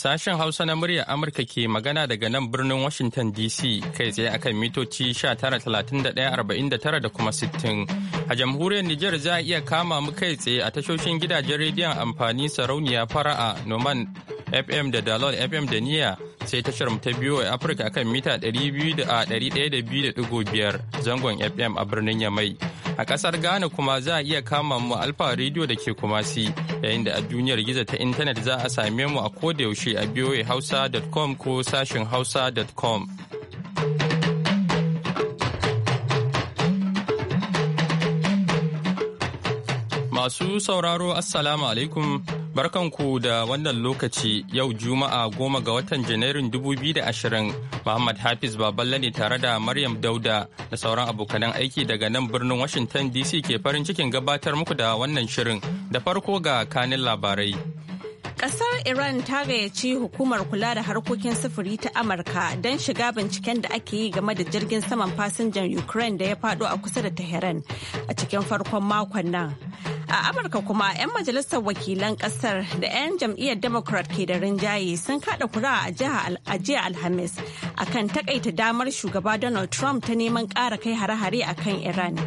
Sashen Hausa na muryar Amurka ke magana daga nan birnin Washington DC kai tsaye akan mitoci 19,31,49 da kuma 60. A jamhuriyar Nijar za a iya kama mu kai tsaye a tashoshin gidajen rediyon amfani sarauniya fara'a Noman FM da Dalol FM da Niya sai tashar mu ta biyu a Afirka akan mita 200.5 zangon FM a birnin Yamai. A ƙasar Ghana kuma za a iya kama mu Alfa Radio da ke Kumasi yayin da a duniyar gizo ta intanet za a same mu a kodayaushe a hausa.com ko sashin hausa.com. Masu sauraro Assalamu alaikum barkanku da wannan lokaci yau Juma'a goma ga watan Janairun 2020 Muhammad Hafiz Baballe ne tare da Maryam Dauda da sauran abokanan aiki daga nan birnin Washington DC ke farin cikin gabatar muku da wannan shirin da farko ga kanin labarai. Kasar Iran ta gayyaci hukumar kula da harkokin sufuri ta Amurka don shiga binciken da ake yi game da jirgin saman fasinjan Ukraine da ya faɗo a kusa da Tehran a cikin farkon makon nan. A Amurka kuma 'yan majalisar wakilan kasar da 'yan jam'iyyar Democrat ke da rinjaye sun kada kura a jiya Alhamis a kan takaita damar shugaba Donald Trump ta neman kara kai hare-hare a kan Iran.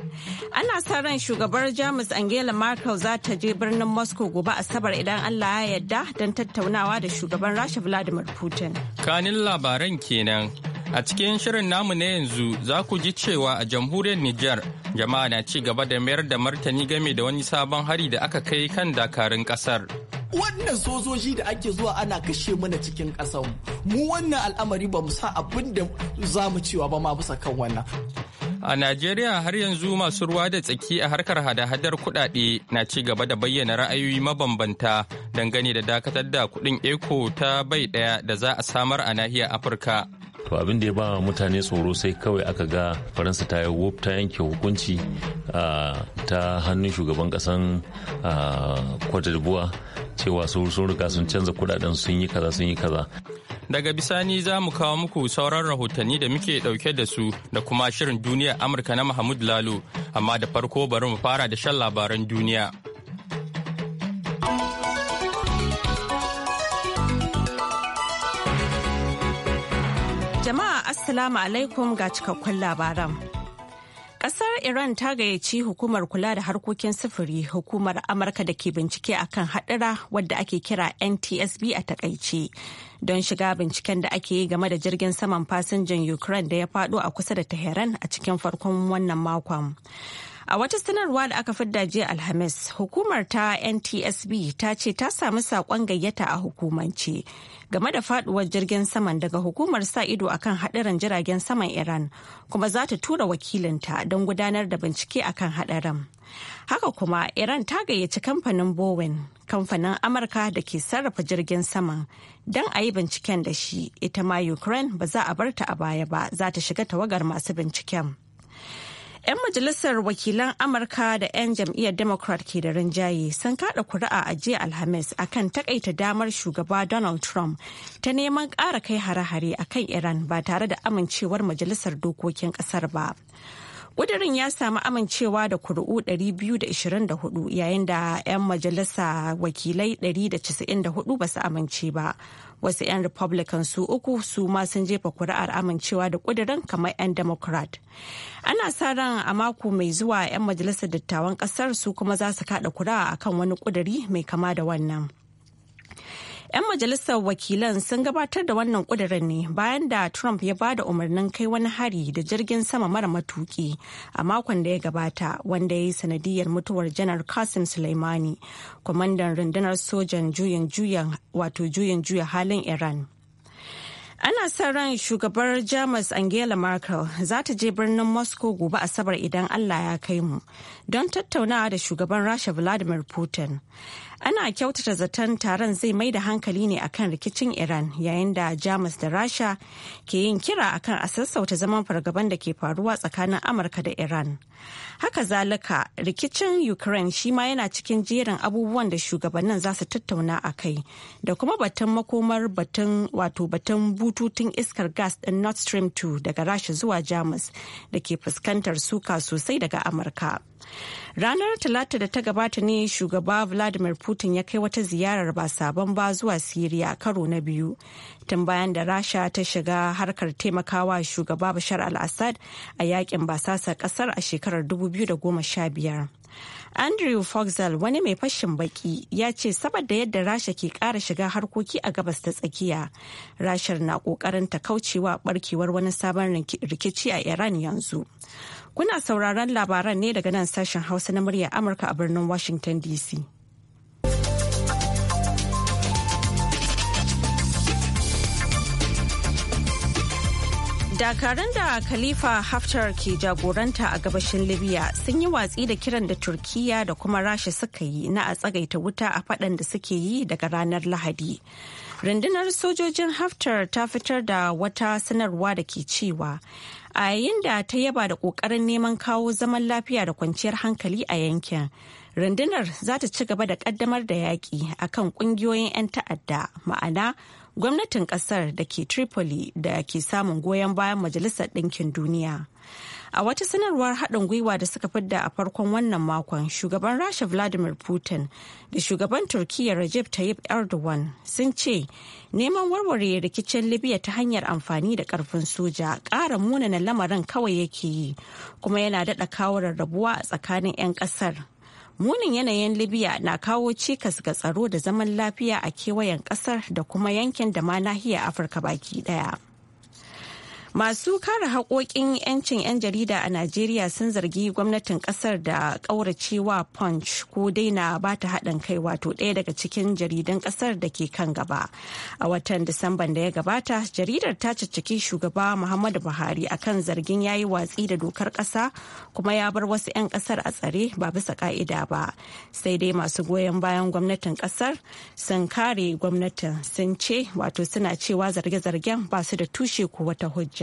Ana sa ran shugabar Jamus Angela Merkel za ta je birnin Moscow gobe Asabar idan Allah ya yarda don tattaunawa da shugaban Rasha Vladimir Putin. Kanin labaran kenan. A cikin shirin namu na yanzu za ku ji cewa a jamhuriyar Nijar jama'a na ci gaba da mayar da martani game da wani sabon hari da aka kai kan dakarun kasar. Wannan sojoji da ake zuwa ana kashe mana cikin ƙasar mu wannan al'amari ba mu sa abin da za mu cewa ba ma bisa kan wannan. A Najeriya har yanzu masu ruwa da tsaki a harkar hada-hadar kuɗaɗe na ci gaba da bayyana ra'ayoyi mabambanta dangane da dakatar da kuɗin eko ta bai ɗaya da za a samar a nahiyar Afirka. to abin da ya ba mutane tsoro sai kawai aka ga faransa ta ta yanke hukunci ta hannun shugaban kasan cote cewa sun riga sun canza kudaden sun yi kaza sun yi kaza daga bisani za mu kawo muku sauran rahotanni da muke dauke da su da kuma shirin duniya amurka na mahmud lalo amma da farko bari mu fara da shan labaran duniya. Assalamu alaikum ga cikakkun labaran. Kasar Iran ta gayyaci hukumar kula da harkokin sufuri hukumar Amurka da ke bincike a kan haɗura wadda ake kira NTSB a takaice don shiga binciken da ake yi game da jirgin saman fasinjan Ukraine da ya faɗo a kusa da Tehran a cikin farkon wannan makon. A wata sanarwa da aka fidda jiya Alhamis, hukumar ta NTSB ta ce ta samu saƙon gayyata a hukumance game da faduwar jirgin saman daga hukumar sa ido akan haɗarin jiragen saman Iran kuma za ta tura wakilinta don gudanar da bincike akan haɗarin. Haka kuma Iran ta gayyaci kamfanin Bowen, kamfanin Amurka da ke sarrafa jirgin saman don a yi binciken da shi, ita ma Ukraine ba za a barta a baya ba za ta shiga tawagar masu binciken. 'Yan majalisar wakilan Amurka da 'yan jam'iyyar Democrat ke da rinjaye sun kada kuri'a a jiya Alhamis akan takaita damar shugaba Donald Trump ta neman ƙara kai hare-hare akan Iran ba tare da amincewar majalisar dokokin ƙasar ba. Ƙudurin ya samu amincewa da kuri'u 224 yayin da 'yan majalisa wakilai 194 ba su amince ba. Wasu 'yan Republican su uku su ma sun jefa kuri'ar amincewa da ƙudurin kamar 'yan Democrat. Ana sa ran a mako mai zuwa 'yan majalisar dattawan ƙasar su kuma za su kaɗa kuri'a akan wani kudiri mai kama da wannan. 'Yan majalisar wakilan sun gabatar da wannan kudirin ne bayan da Trump ya ba da umarnin kai wani hari da jirgin sama mara matuki a makon da ya gabata wanda ya yi sanadiyar mutuwar janar kasim Soleimani, kwamandan rundunar sojan juyin juya wato juyin juya halin Iran. Ana sa ran shugabar Jamus Angela Merkel za ta je birnin Moscow gobe Asabar idan Allah ya kai mu don tattaunawa da shugaban Rasha Vladimir Putin. ana kyautata zaton taron zai mai da hankali ne akan rikicin iran yayin da jamus da rasha ke yin kira akan a sassauta zaman fargaban da ke faruwa tsakanin amurka da iran haka zalika rikicin ukraine shi ma yana cikin jerin abubuwan da shugabannin za su tattauna a kai da kuma batun makomar batun wato batun bututun iskar gas din nord stream 2 daga rasha zuwa jamus da ke fuskantar suka sosai daga amurka ranar talata da ta gabata ne shugaba vladimir putin putin ya kai wata ziyarar ba sabon ba zuwa siriya karo na biyu tun bayan da rasha ta shiga harkar taimakawa shugaba bashar al-assad a yakin basasa kasar a shekarar 2015 Andrew Foxall wani mai fashin baki ya ce saboda yadda Rasha ke kara shiga harkoki a gabas ta tsakiya, Rashar na kokarin ta kaucewa barkewar wani sabon rikici a Iran yanzu. Kuna sauraron labaran ne daga nan sashen Hausa na murya Amurka a birnin Washington DC. Dakaran da Khalifa Haftar ke jagoranta a gabashin Libya sun yi watsi da kiran da turkiya da kuma Rasha suka yi na a tsagaita wuta a faɗan da suke yi daga ranar Lahadi. Rundunar sojojin Haftar ta fitar da wata sanarwa da ke cewa a yayin da ta yaba da ƙoƙarin neman kawo zaman lafiya da kwanciyar hankali a yankin. rundunar za ta ci gaba da kaddamar da yaƙi a kan ƙungiyoyin 'yan ta'adda ma'ana gwamnatin ƙasar da ke tripoli da ke samun goyon bayan majalisar ɗinkin duniya a wata sanarwar haɗin gwiwa da suka fidda a farkon wannan makon shugaban rasha vladimir putin da shugaban turkiyya recep tayyip erdogan sun ce neman warware rikicin libya ta hanyar amfani da ƙarfin soja ƙara munana lamarin kawai yake yi kuma yana daɗa kawo rarrabuwa a tsakanin 'yan ƙasar munin yanayin libya na kawo cikas ga tsaro da zaman lafiya a kewayen kasar da kuma yankin da ma nahiyar afirka baki daya. Masu kare haƙoƙin 'yancin 'yan jarida a Najeriya sun zargi gwamnatin ƙasar da ƙauracewa Punch ko daina ba ta haɗin kai wato ɗaya daga cikin jaridan ƙasar da ke kan gaba. A watan Disamban da ya gabata, jaridar ta cicciki shugaba Muhammadu Buhari akan zargin ya yi watsi da dokar ƙasa kuma ya bar wasu 'yan ƙasar a tsare ba bisa ƙa'ida ba. Sai dai masu goyon bayan gwamnatin ƙasar sun kare gwamnatin sun ce wato suna cewa zarge-zargen ba su da tushe ko wata hujja.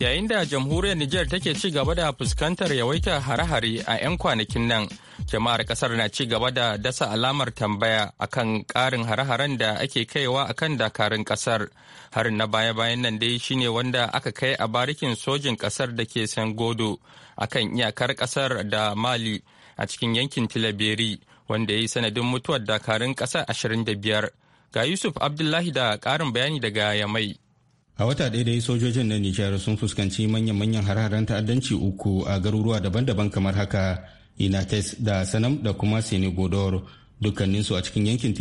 Yayin da jamhuriyar Nijar take ci gaba da fuskantar yawaitar hare-hare a 'yan kwanakin nan, jama'ar kasar na ci gaba da dasa alamar tambaya akan ƙarin hare-haren da ake kaiwa akan dakarun kasar. Harin na baya-bayan nan dai shine wanda aka kai a barikin sojin kasar da ke san godo akan iyakar kasar da Mali a cikin yankin Tilaberi wanda ya yi sanadin mutuwar dakarun kasar 25. Ga Yusuf Abdullahi da karin bayani daga Yamai. a wata ɗaya dai sojojin na nijar sun fuskanci manyan manyan hararen ta'addanci uku a garuruwa daban-daban kamar haka inates da sanam da kuma senegodor dukkaninsu a cikin yankin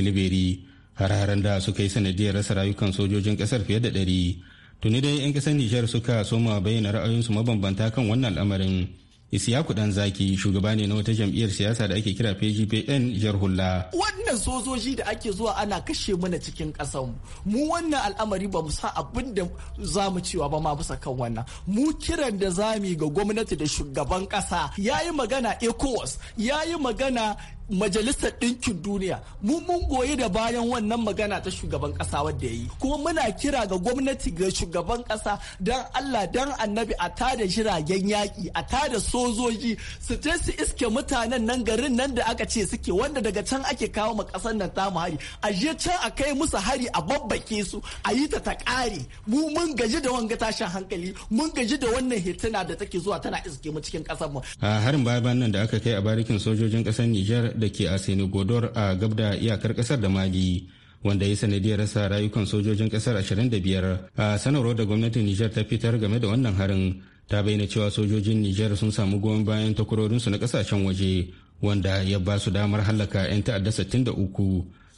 har hararen da suka yi sanadiyar rasa rayukan sojojin ƙasar fiye da ɗari tuni dai 'yan ƙasar nijar suka soma bayyana ra'ayinsu mabambanta kan wannan al'amarin isiya dan zaki shugaba ne na wata jam'iyyar siyasa da ake kira PGPN jar hula. Wannan sojoji da ake zuwa ana kashe mana cikin ƙasar mu wannan al'amari ba mu sa abin da za mu cewa ba ma bisa kan wannan. Mu kiran da za ga gwamnati da shugaban ƙasa ya yi magana ECOWAS ya yi magana majalisar ɗinkin duniya mu mun goyi da bayan wannan magana ta shugaban ƙasa wadda ya yi kuma muna kira ga gwamnati ga shugaban kasa don allah don annabi a tada jiragen yaƙi a tada sojoji su je su iske mutanen nan garin nan da aka ce suke wanda daga can ake kawo ma ƙasar nan ta hari a je can a kai musu hari a babbake su a yi ta ta ƙare mu mun gaji da wanga tashin hankali mun gaji da wannan hituna da take zuwa tana iske mu cikin ƙasar mu. harin baya nan da aka kai a barikin sojojin ƙasar Nijar da ke a senegodor a gabda iyakar kasar da mali wanda ya sanadiyar rasa rayukan sojojin kasar 25 a sanarwar da gwamnatin nijar ta fitar game da wannan harin ta bayyana cewa sojojin nijar sun samu goyon bayan takwarorinsu na kasashen waje wanda ya ba su damar hallaka 'yan ta'adda 63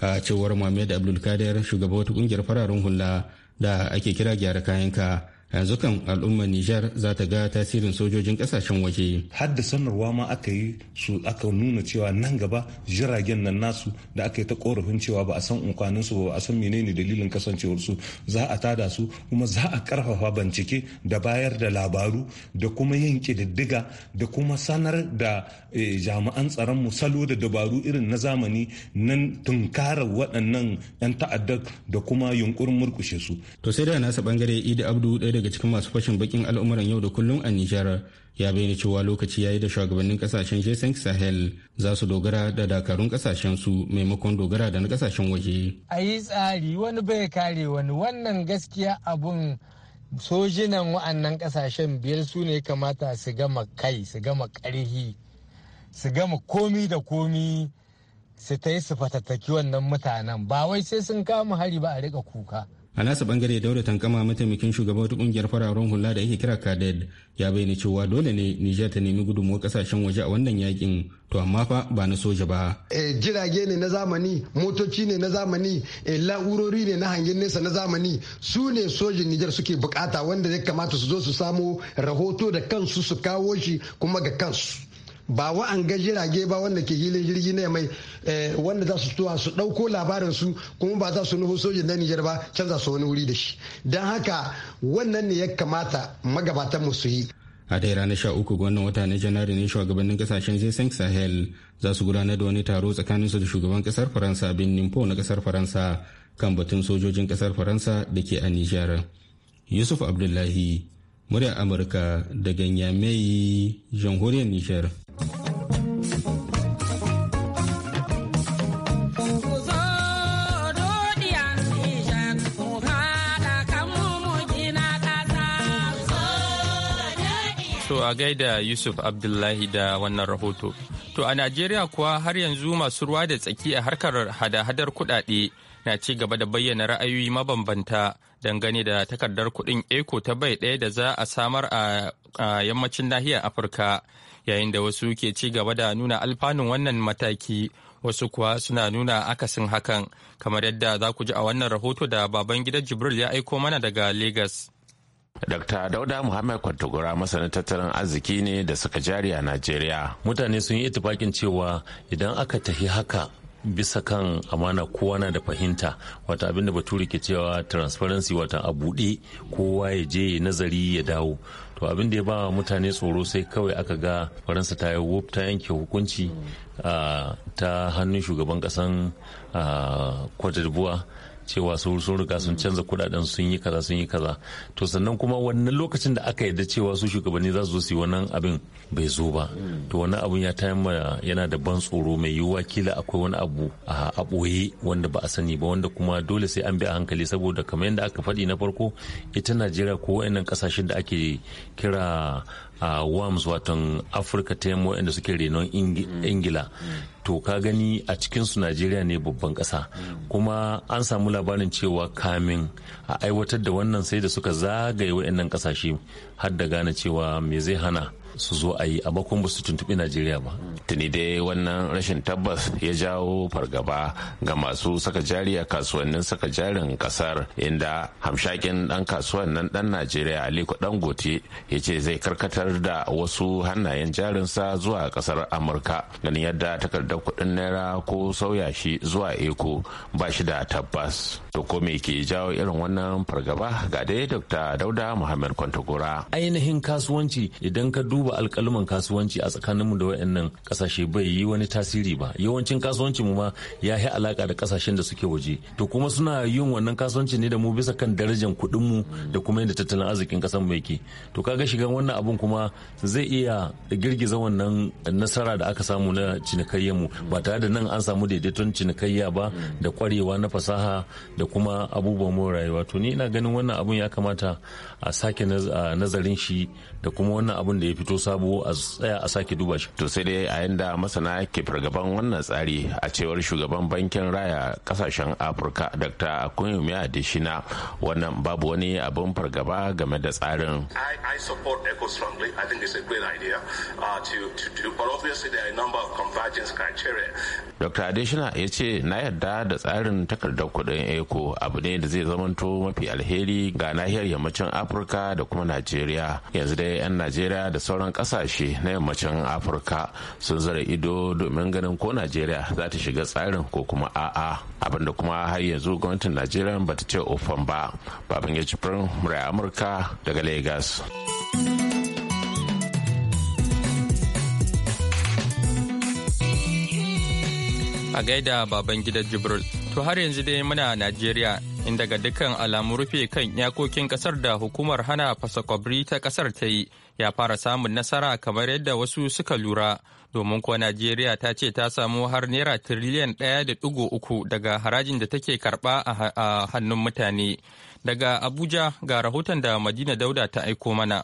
a cewar da abdulkadir shugaba wata kungiyar fararen hula da ake kira gyara kayanka yanzu kan al'ummar nijar za ta ga tasirin sojojin kasashen waje har da sanarwa ma aka yi su aka nuna cewa nan gaba jiragen nan nasu da aka yi ta korafin cewa ba a san unkwanin su ba a san menene dalilin kasancewar su za a tada su kuma za a karfafa bincike da bayar da labaru da kuma yin kididdiga da kuma sanar da eh, jami'an tsaron mu salo da dabaru irin na zamani nan tunkara waɗannan 'yan ta'addar da kuma yunkurin murkushe su to sai da nasa bangare idi abdu ɗaya daga cikin masu fashin bakin al'umuran yau da kullum a Nijar ya bayyana cewa lokaci yayi da shugabannin kasashen G5 Sahel za su dogara da dakarun kasashen su maimakon dogara da na kasashen waje. A yi tsari wani bai kare wani wannan gaskiya abun sojinan wa'annan kasashen biyar su ne kamata su gama kai su gama karhi su gama komi da komi su ta yi su fatattaki wannan mutanen ba wai sai sun kama hari ba a rika kuka. a nasa bangare daura tankama mataimakin shugaban wata kungiyar fararen hula da yake kira kaded ya bayyana cewa dole ne nijar ta nemi gudunmuwa kasashen waje a wannan yakin to amma fa ba na soja ba eh, jirage ne na zamani motoci ne na zamani eh, la'urori ne na hangen nesa na zamani su ne sojin nijar suke bukata wanda ya kamata su zo su samo rahoto da kansu su kawo shi kuma ga kansu ba wa'anga jirage ba wanda ke hilin jirgi ne mai eh, wanda za su tuwa su ɗauko labarin su kuma ba za su nufin sojin na Nijar ba canza su wani wuri da shi don haka wannan ne ya kamata magabatan mu su yi a dai ranar sha uku ga wannan wata na janairu ne shugabannin kasashen jason sahel za su gudanar da wani taro tsakanin su da shugaban kasar faransa bin nimpo na kasar faransa kan batun sojojin kasar faransa da ke a nijar yusuf abdullahi muryar amurka daga nyamai jamhuriyar nijar To a gaida Yusuf Abdullahi da wannan rahoto. To a Najeriya kuwa har yanzu masu ruwa da tsaki a harkar hada-hadar kuɗaɗe na ci gaba da bayyana ra'ayoyi mabambanta dangane da takardar kuɗin Eko ta bai ɗaya da za a samar a yammacin nahiyar Afirka yayin da wasu ke ci gaba da nuna alfanun wannan mataki wasu kuwa suna nuna akasin hakan kamar yadda za ku ji a wannan rahoto da baban gidan jibril ya aiko mana daga lagos dokta Dauda Muhammad Kwantogora masanin tattalin arziki ne da suka jari a Najeriya. Mutane sun yi itibakin cewa idan aka tafi haka bisa kan amana kowa na da fahimta wata abin da bature ke cewa transparency wata a buɗe kowa ya je ya nazari ya dawo to abin da ya ba mutane tsoro sai kawai aka ga faransa ta yi ta yanke hukunci mm. ah, ta hannun shugaban kasan kwadar buwa cewa sun sun riga sun canza kudaden sun yi kaza sun yi kaza to sannan kuma wannan lokacin da aka yadda cewa su shugabanni za su su yi wannan abin bai zo ba to wannan abin ya ta yana da ban tsoro mai yiwuwa kila akwai wani abu a boye wanda ba a sani ba wanda kuma dole sai an bi a hankali saboda kamar yadda aka faɗi na farko ita najeriya ko wayannan kasashen da ake kira a wams watan afirka ta yamma waɗanda suke renon ingila to ka gani a cikinsu najeriya ne babban ƙasa kuma an samu labarin cewa kamin a aiwatar da wannan sai da suka zagaye waɗannan ƙasashe har da gane cewa me zai hana su zo a yi amma kuma su tuntuɓi najeriya ba tuni dai wannan rashin tabbas ya jawo fargaba ga masu saka jari a kasuwannin saka jarin kasar inda hamshakin dan kasuwan nan dan najeriya aliko dangote ya ce zai karkatar da wasu hannayen jarinsa zuwa kasar amurka ganin yadda takardar kuɗin naira ko sauya shi zuwa eko ba shi da tabbas to ko me ke jawo irin wannan fargaba ga dai dr dauda muhammad kwantagora ainihin kasuwanci idan ka duba duba alkaluman kasuwanci a tsakaninmu da wayannan kasashe bai yi wani tasiri ba yawancin kasuwanci mu ma ya yi alaka da kasashen da suke waje to kuma suna yin wannan kasuwanci ne da mu bisa kan darajar kuɗin mu da kuma yadda tattalin arzikin ƙasar mu yake to kaga shiga wannan abun kuma zai iya girgiza wannan nasara da aka samu na cinikayyar mu ba tare da nan an samu daidaiton cinikayya ba da kwarewa na fasaha da kuma abubuwan mu rayuwa to ni ina ganin wannan abun ya kamata a sake nazarin shi da kuma wannan abun da ya fito fito sabo a tsaya a sake duba shi to sai dai a yanda masana ke fargaban wannan tsari a cewar shugaban bankin raya kasashen afirka dr akunyumi adishina wannan babu wani abin fargaba game da tsarin i support eco strongly i think it's a great idea uh, to, to do but obviously there are a number of convergence criteria dr adishina ya ce na yarda da tsarin takardar kuɗin eco abu ne da zai zamanto mafi alheri ga nahiyar yammacin afirka da kuma najeriya yanzu dai 'yan najeriya da sauran sauran kasashe na yammacin afirka sun zara ido domin ganin ko najeriya za ta shiga tsarin ko kuma a'a abinda kuma har yanzu gwamnatin najeriya ba ta ce ofan ba babin ya cifin murai amurka daga legas. a gaida baban gidan jibril To har yanzu dai muna Najeriya inda ga dukkan alamu rufe kan yakokin kasar da hukumar hana fasakwabri ta kasar ta yi ya fara samun nasara kamar yadda wasu suka lura domin kuwa Najeriya ta ce ta samu har naira tiriliyan ɗaya da ɗigo uku daga harajin da take karɓa a hannun mutane. Daga Abuja ga rahoton da Madina Dauda ta aiko mana.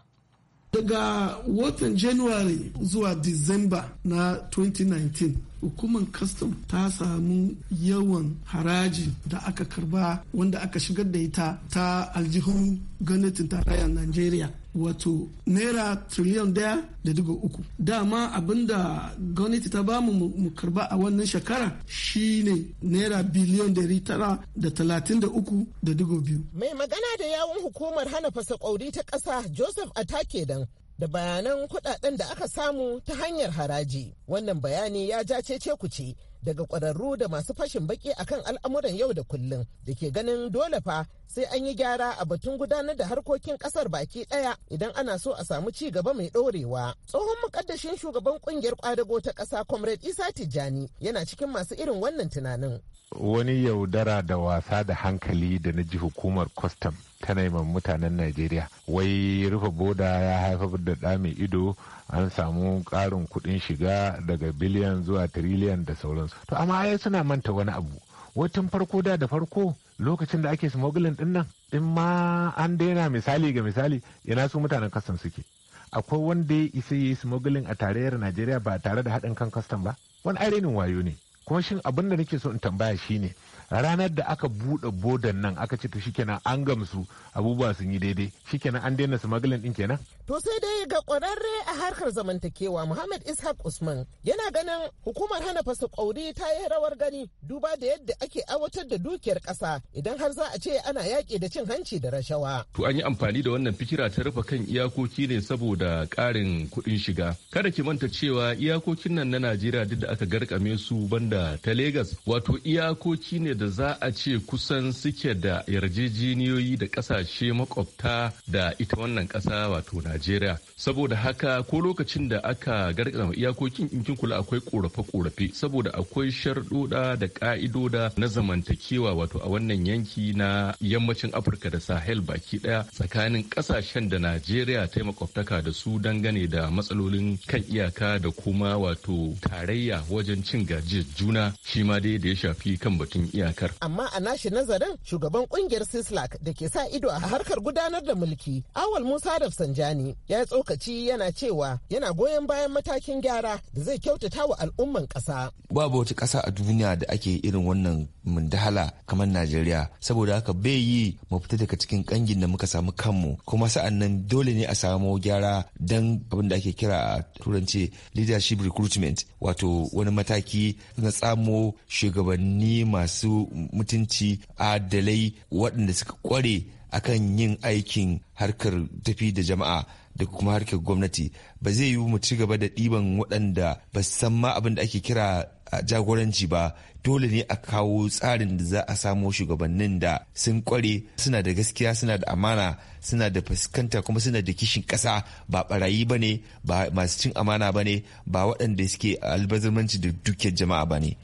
Daga watan January zuwa Disamba na 2019 hukumar kastam ta samu yawan haraji da aka karba wanda aka shigar da ita ta aljihun gwamnatin tarayyar najeriya wato naira triliyan daya da digo uku dama abinda gwamnati ta bamu mu karba a wannan shekara shine naira biliyan dari tara da talatin da uku da digo biyu mai magana da yawun hukumar hana fasa kwauri ta kasa joseph atakedan da bayanan kudaden da aka samu ta hanyar haraji. Wannan bayani ya ja cece kuce daga kwararru da masu fashin baki akan al'amuran yau da kullum da ke ganin dole fa sai an yi gyara a batun gudanar da harkokin kasar baki ɗaya idan ana so a samu ci gaba mai dorewa. Tsohon mukaddashin shugaban ƙungiyar kwadago ta ƙasa Comrade Isa Tijjani yana cikin masu irin wannan tunanin. Wani yaudara da wasa da hankali da na ji hukumar kwastam ta naiman mutanen Najeriya. Wai rufe boda ya haifar da da mai ido an samu ƙarin kuɗin shiga daga biliyan zuwa tiriliyan da sauransu to amma ai suna manta wani abu watan farko da da farko lokacin da ake smuggling din nan in ma an daina misali ga misali ina su mutanen kasan suke akwai wanda ya isa yi smuggling a tarayyar najeriya ba tare da haɗin kan kastam ba wani ainihin wayo ne kuma shin abin da nake so in tambaya shine ranar da aka buɗe bodan nan aka ce to shikenan an gamsu abubuwa sun yi daidai shikenan an daina smuggling din kenan to sai dai ga kwararre a harkar zamantakewa Muhammad Ishaq Usman yana ganin hukumar hana fasa ƙwauri ta yi rawar gani duba da yadda ake aiwatar da dukiyar ƙasa idan har za a ce ana yaƙi da cin hanci da rashawa to an yi amfani da wannan fikira ta rufe kan iyakoki ne saboda ƙarin kuɗin shiga kada ki manta cewa iyakokin nan na Najeriya duk da aka garkame su banda ta Legas wato iyakoki ne da za a ce kusan suke da yarjejeniyoyi da kasashe makwabta da ita wannan kasa wato najeriya saboda haka ko lokacin da aka gargama iyakokin in kula akwai korafe-korafe saboda akwai sharɗoɗa da ka'idoda na zamantakewa wato a wannan yanki na yammacin afirka da sahel baki ɗaya tsakanin kasashen da najeriya ta makwabtaka da su dangane da matsalolin kan iyaka da kuma wato tarayya wajen cin gajiyar juna shi ma dai da ya shafi kan batun iyaka iyakar. Amma a nashi nazarin shugaban kungiyar Sislak da ke sa ido a harkar gudanar da mulki Awal Musa Rafsanjani ya tsokaci yana cewa yana goyon bayan matakin gyara da zai kyautata wa al'umman ƙasa. Babu wata ƙasa a duniya da ake irin wannan mundahala kamar najeriya saboda haka bai yi mu fita daga cikin kangin da muka samu kanmu kuma sa'an nan dole ne a samu gyara don abin da ake kira a turanci leadership recruitment wato wani mataki na tsamo shugabanni masu mutunci adalai waɗanda suka kware akan yin aikin harkar tafi da jama'a da kuma harkar gwamnati ba zai yiwu mu ci gaba da ɗiban waɗanda ba san ma abin da ake kira jagoranci ba dole ne a kawo tsarin da za a samo shugabannin da sun kware suna da gaskiya suna da amana suna da fuskanta kuma suna da kishin kasa ba barayi ba ne ba masu cin amana ba ne ba waɗanda suke albazirmanci da dukiyar jama'a ba ne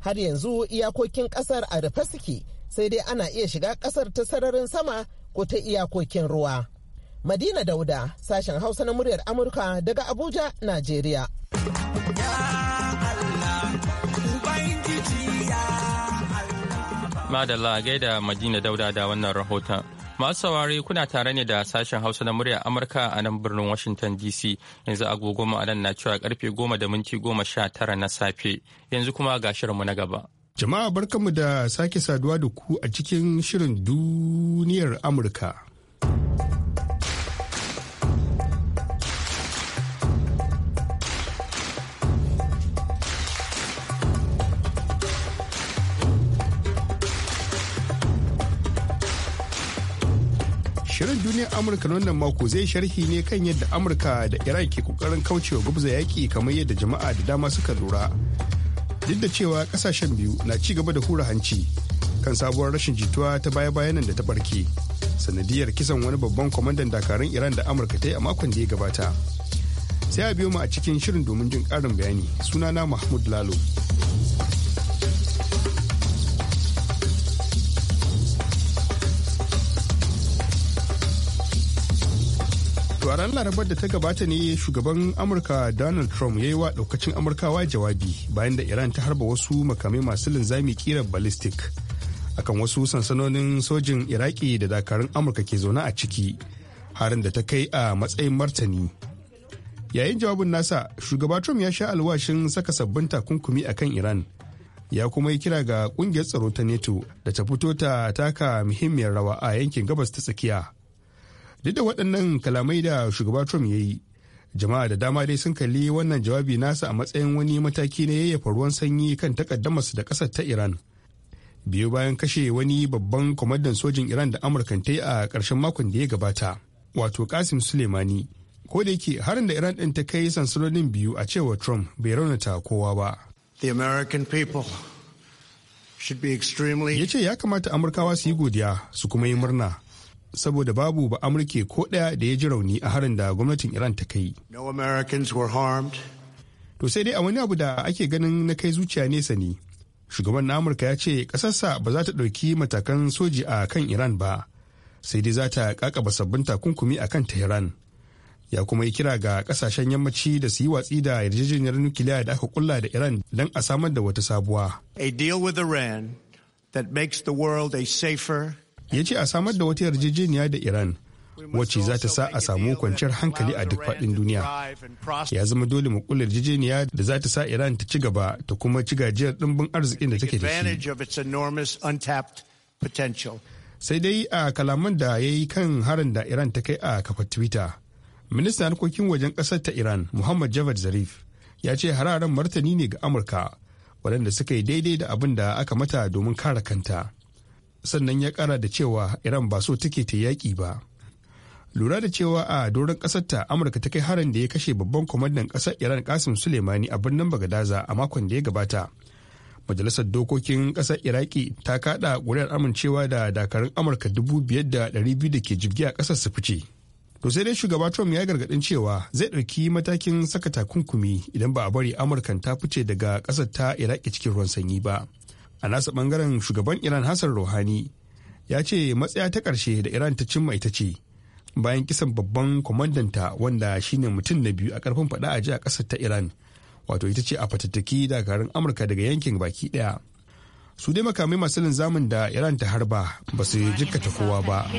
har yanzu iyakokin ƙasar a rufe suke sai dai ana iya shiga ƙasar ta sararin sama ko ta iyakokin ruwa Madina Dauda, sashen Hausa na muryar Amurka daga Abuja, Najeriya. Madalla gaida Madina Dauda da wannan rahoton. Masu saurari kuna tare ne da sashen Hausa na muryar Amurka a nan birnin Washington DC yanzu agogo mu nan na cewa karfe goma da minti goma sha tara na safe yanzu kuma ga shirinmu na gaba. Jama'a barkanmu da sake saduwa da ku a cikin shirin duniyar Amurka. duniyar Amurka wannan mako zai sharhi ne kan yadda Amurka da Iran ke kokarin kaucewa gubza yaki kamar yadda jama'a da dama suka lura. Duk da cewa kasashen biyu na ci gaba da hura hanci kan sabuwar rashin jituwa ta baya-bayan da ta barke. Sanadiyar kisan wani babban kwamandan dakarun Iran da Amurka ta yi a makon da ya gabata. Sai a biyo mu a cikin shirin domin jin karin bayani. Sunana Mahmud Lalo. To a ran larabar da ta gabata ne shugaban Amurka Donald Trump ya yi wa daukacin Amurkawa jawabi bayan da Iran ta harba wasu makamai masu linzami kirar ballistic akan wasu sansanonin sojin Iraki da dakarun Amurka ke zaune a ciki harin da ta kai a matsayin martani. Yayin jawabin nasa, shugaba Trump ya sha alwashin saka sabbin takunkumi akan Iran. ya kuma yi kira ga kungiyar tsaro ta neto da ta fito ta taka muhimmiyar rawa a yankin gabas ta tsakiya duk da waɗannan kalamai da shugaba trump ya yi jama'a da dama dai sun kalli wannan jawabi nasa a matsayin wani mataki na yayyafa ruwan sanyi kan takaddamarsu da ƙasar ta iran biyu bayan kashe wani babban kwamandan sojin iran da amurkan ta yi a ƙarshen makon da ya gabata wato kasim sulemani ko da yake harin da iran ɗin ta kai sansanonin biyu a cewa trump bai raunata kowa ba the american people ya ce ya kamata amurkawa su yi godiya su kuma yi murna saboda babu ba amurke ko ɗaya da ya ji rauni a harin da gwamnatin iran ta kai to sai dai a wani abu da ake ganin na kai zuciya nesa ne shugaban na amurka ya ce ƙasarsa ba za ta ɗauki matakan soji a kan iran ba sai dai za ta kakaba sabbin takunkumi a kan tehran ya kuma yi kira ga kasashen yammaci da su yi watsi da yarjejeniyar nukiliya da aka kulla da iran don a samar da wata sabuwa a deal with iran that makes the world a safer ya ce a samar da wata yarjejeniya da iran wacce za ta sa a samu kwanciyar hankali a duk faɗin duniya ya zama dole mu kula yarjejeniya da za ta sa iran ta ci gaba ta kuma ci gajiyar ɗimbin arzikin da take da shi sai dai a kalaman da ya yi kan harin da iran ta kai a kafa twitter ministan harkokin wajen ƙasar ta iran muhammad javad zarif ya ce hararen martani ne ga amurka waɗanda suka yi daidai da abin da aka mata domin kare kanta sannan ya kara da cewa iran ba so take ta yaƙi ba lura da cewa a doron ƙasarta amurka ta kai harin da ya kashe babban kwamandan ƙasar iran kasim suleimani a birnin bagadaza a makon da ya gabata majalisar dokokin ƙasar iraki ta kada ƙuri'ar amincewa da dakarun amurka dubu biyar da ɗari biyu da ke jibgi a ƙasar su fice to sai dai shugaba trump ya gargaɗin cewa zai ɗauki matakin saka takunkumi idan ba a bari amurkan ta fice daga ƙasar ta iraki cikin ruwan sanyi ba a nasa bangaren shugaban iran hassan rouhani ya ce matsaya ta karshe da iran ta cimma ita ce bayan kisan babban kwamandanta wanda shine mutum na biyu a karfin faɗa a jiya a ƙasar ta iran wato ita ce a fatattaki dakarun amurka daga yankin baki ɗaya su dai makamai masu linzamin da iran ta harba ba su jikkata kowa ba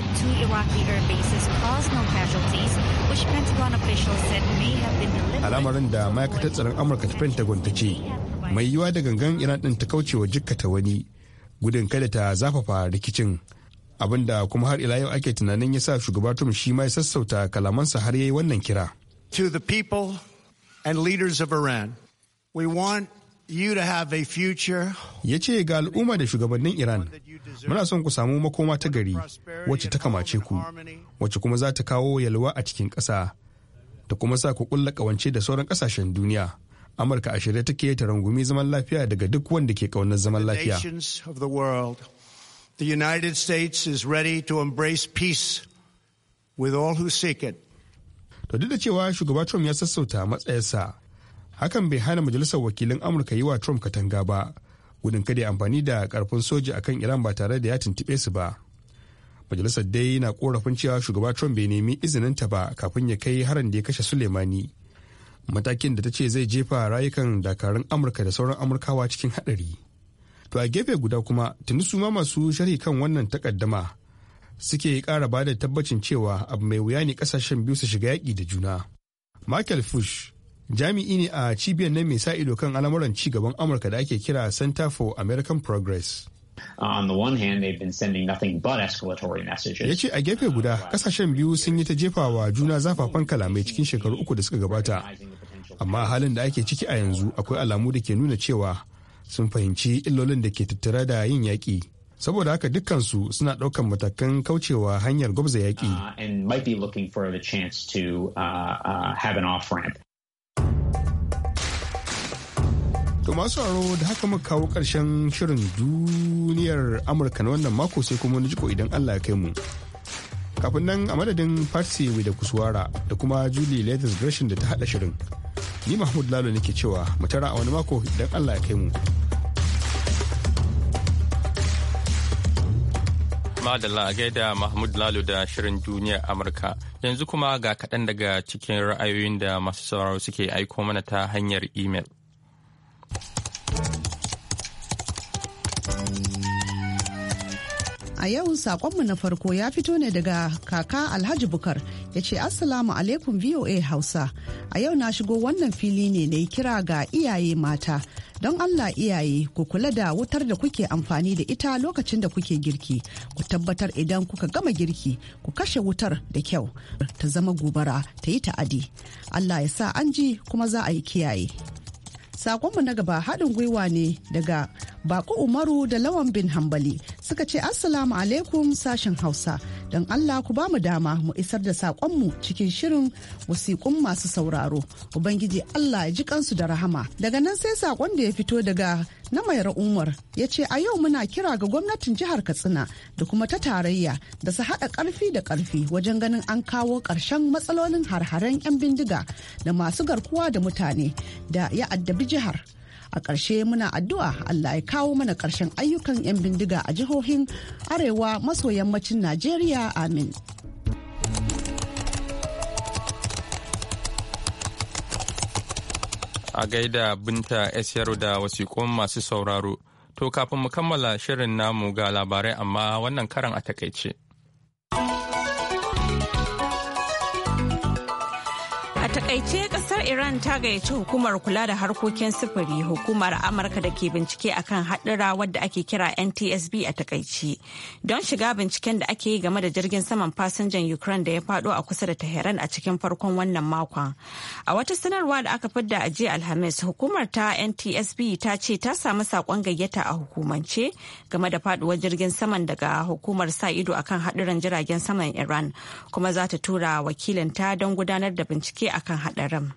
al'amarin da ma'aikatar tsaron amurka ta pentagon ta ce mai yiwuwa da gangan iran ɗin ta kaucewa jikkata wani gudun kada ta zafafa rikicin abinda kuma har ila yau ake tunanin ya sa shugaba Trump shi ma ya sassauta kalamansa har yayi wannan kira. To the people and leaders of Iran, we want you to have a future. Ya ce ga al'umma da shugabannin Iran, muna son ku samu makoma ta gari wacce ta kamace ku, wacce kuma za ta kawo yalwa a cikin kasa ta kuma sa ku kulla ƙawance da sauran ƙasashen duniya. amurka a shirye take ta rangumi zaman lafiya daga duk wanda ke kaunar zaman lafiya The United States is ready to embrace peace with all who seek it. To duk da cewa shugaba Trump ya sassauta matsayarsa, hakan bai hana majalisar wakilin Amurka yi wa Trump katanga ba, gudun kada ya amfani da karfin soja akan Iran ba tare da ya tuntube su ba. Majalisar dai na korafin cewa shugaba Trump bai nemi izinin ta ba kafin ya kai harin da ya kashe Suleimani. matakin da ta ce zai jefa rayukan dakarun amurka da sauran amurkawa cikin haɗari to a gefe guda kuma tuni su ma masu sharhi kan wannan takaddama suke ƙara ba da tabbacin cewa abu mai wuya ne ƙasashen biyu su shiga yaƙi da juna michael fush jami'i ne a cibiyar na mai sa ido kan al'amuran ci gaban amurka da ake kira center for american progress Uh, on the one hand, they've been sending nothing but escalatory messages. Ya ce a gefe guda, kasashen biyu sun yi ta jefawa juna zafafan kalamai cikin shekaru uku da suka gabata. Amma halin da ake ciki a yanzu akwai alamu da ke nuna cewa sun fahimci illolin da ke tattara da yin yaƙi. saboda haka dukkansu suna ɗaukan matakan kaucewa hanyar gwabza yaƙi. To masu aro da haka muka kawo ƙarshen shirin duniyar Amurka na wannan mako sai kuma na jiko idan Allah ya kai mu. Kafin nan a madadin farsi mai da Kuswara da kuma Julie Letters Gresham da ta haɗa shirin. Ni Mahmud Lalo nake cewa mu tara a wani mako idan Allah ya kai mu. Madalla a gaida Mahmud Lalo da shirin duniyar Amurka. Yanzu kuma ga kaɗan daga cikin ra'ayoyin da masu sauraro suke aiko mana ta hanyar imel. A yau sakonmu na farko ya fito ne daga kaka Alhaji Bukar ya ce Assalamu alaikum VOA Hausa. A yau na shigo wannan fili ne na kira ga iyaye mata. Don Allah iyaye ku kula da wutar da kuke amfani da ita lokacin da kuke girki. Ku tabbatar idan kuka gama girki ku kashe wutar da kyau ta zama gobara ta yi ta'adi. Allah ya sa an ji kuma za a yi kiyaye. Saƙonmu na gaba haɗin gwiwa ne daga Bako Umaru da Lawan bin Hambali suka ce Assalamu alaikum sashen Hausa don Allah ku ba mu dama mu isar da saƙonmu cikin shirin wasiƙun masu sauraro. Ubangiji Allah ya ji kansu da rahama. Daga nan sai saƙon da ya fito daga na mai Umar ya ce a yau muna kira ga gwamnatin jihar Katsina da kuma ta tarayya da su haɗa ƙarfi da ƙarfi wajen ganin an kawo ƙarshen matsalolin harharen 'yan bindiga da masu garkuwa da mutane da ya addabi jihar. a ƙarshe muna addu'a allah ya kawo mana ƙarshen ayyukan 'yan bindiga a jihohin arewa maso yammacin najeriya amin a gaida binta yaro da wasiƙun masu sauraro to kafin mu kammala shirin namu ga labarai amma wannan karan a takaice. a takaice Kasar Iran ta gayyaci hukumar kula da harkokin sufuri hukumar Amurka da ke bincike akan haɗura wadda ake kira NTSB a takaici don shiga binciken da ake yi game da jirgin saman fasinjan Ukraine da ya faɗo a kusa da Tehran a cikin farkon wannan makon. A wata sanarwa da aka fidda a jiya Alhamis hukumar ta NTSB ta ce ta samu saƙon gayyata a hukumance game da faɗuwar jirgin saman daga hukumar sa ido akan haɗuran jiragen saman Iran kuma za ta tura wakilinta don gudanar da bincike akan haɗarin.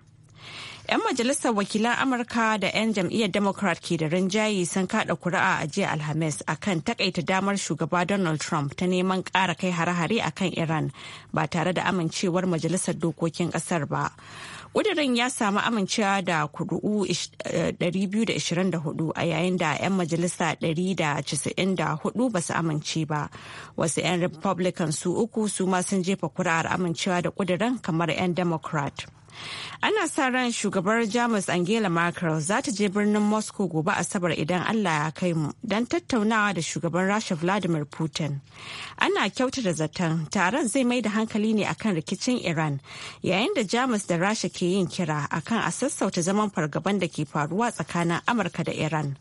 'Yan majalisar wakilan Amurka da 'yan jam'iyyar Democrat ke da rinjaye sun kada kuri'a a jiya Alhamis akan takaita damar shugaba Donald Trump ta neman ƙara kai hare-hare a kan Iran ba tare da amincewar majalisar dokokin ƙasar ba. Ƙudurin ya samu amincewa da kuru'u 224 eh, a yayin da 'yan majalisa 194 ba su amince ba. Wasu 'yan Republican su uku su ma sun jefa kuri'ar amincewa da ƙudurin kamar 'yan Democrat. Ana sa ran shugabar Jamus Angela Merkel za ta je birnin Moscow gobe Asabar idan Allah ya kai mu don tattaunawa da shugaban Rasha Vladimir Putin. Ana da zaton taron zai mai da hankali ne akan rikicin Iran yayin da Jamus da Rasha ke yin kira akan a sassauta zaman fargaban da ke faruwa tsakanin Amurka da Iran.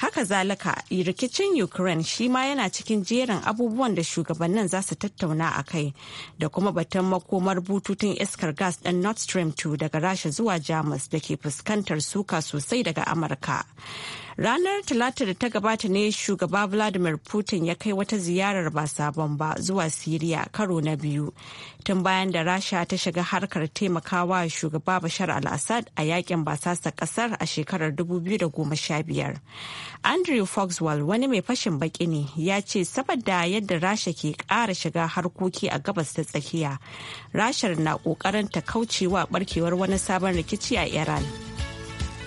haka zalika rikicin ukraine shi ma yana cikin jerin abubuwan da shugabannin za su tattauna a kai da kuma batun makomar bututun iskar gas ɗin nord stream 2 daga rasha zuwa jamus da ke fuskantar suka sosai daga amurka Ranar Talata da ta gabata ne shugaba Vladimir Putin ya kai wata ziyarar ba sabon ba zuwa Siriya karo na biyu. Tun bayan da Rasha ta shiga harkar taimakawa shugaba Bashar al-Assad a yakin basasa kasar a shekarar 2015. Andrew Foxwell wani mai fashin baki ne ya ce saboda yadda Rasha ke ƙara shiga harkoki a gabas ta tsakiya. Rashar na ƙoƙarin ta kaucewa barkewar wani sabon rikici a Iran.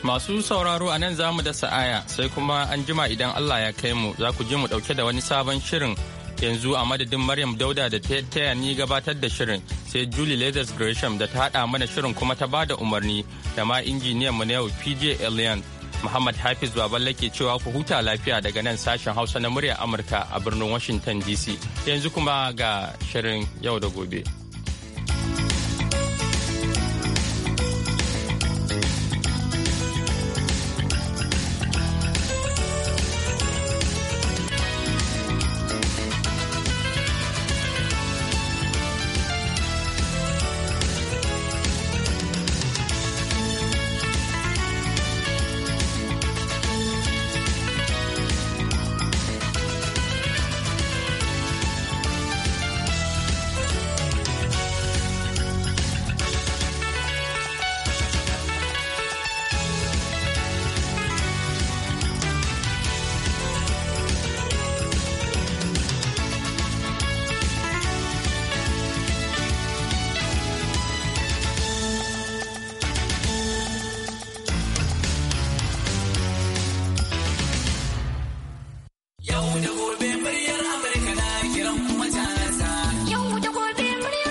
Masu sauraro a nan za mu da sa'aya sai kuma an jima idan Allah ya kai mu za ku ji mu ɗauke da wani sabon shirin yanzu a madadin Maryam Dauda da ta taya ni gabatar da shirin sai Julie Leathers Gresham da ta haɗa mana shirin kuma ta bada umarni da ma injiniyan mu na yau PJ Elian Muhammad Hafiz Baballe ke cewa ku huta lafiya daga nan sashen Hausa na muryar Amurka a birnin Washington DC yanzu kuma ga shirin yau da gobe.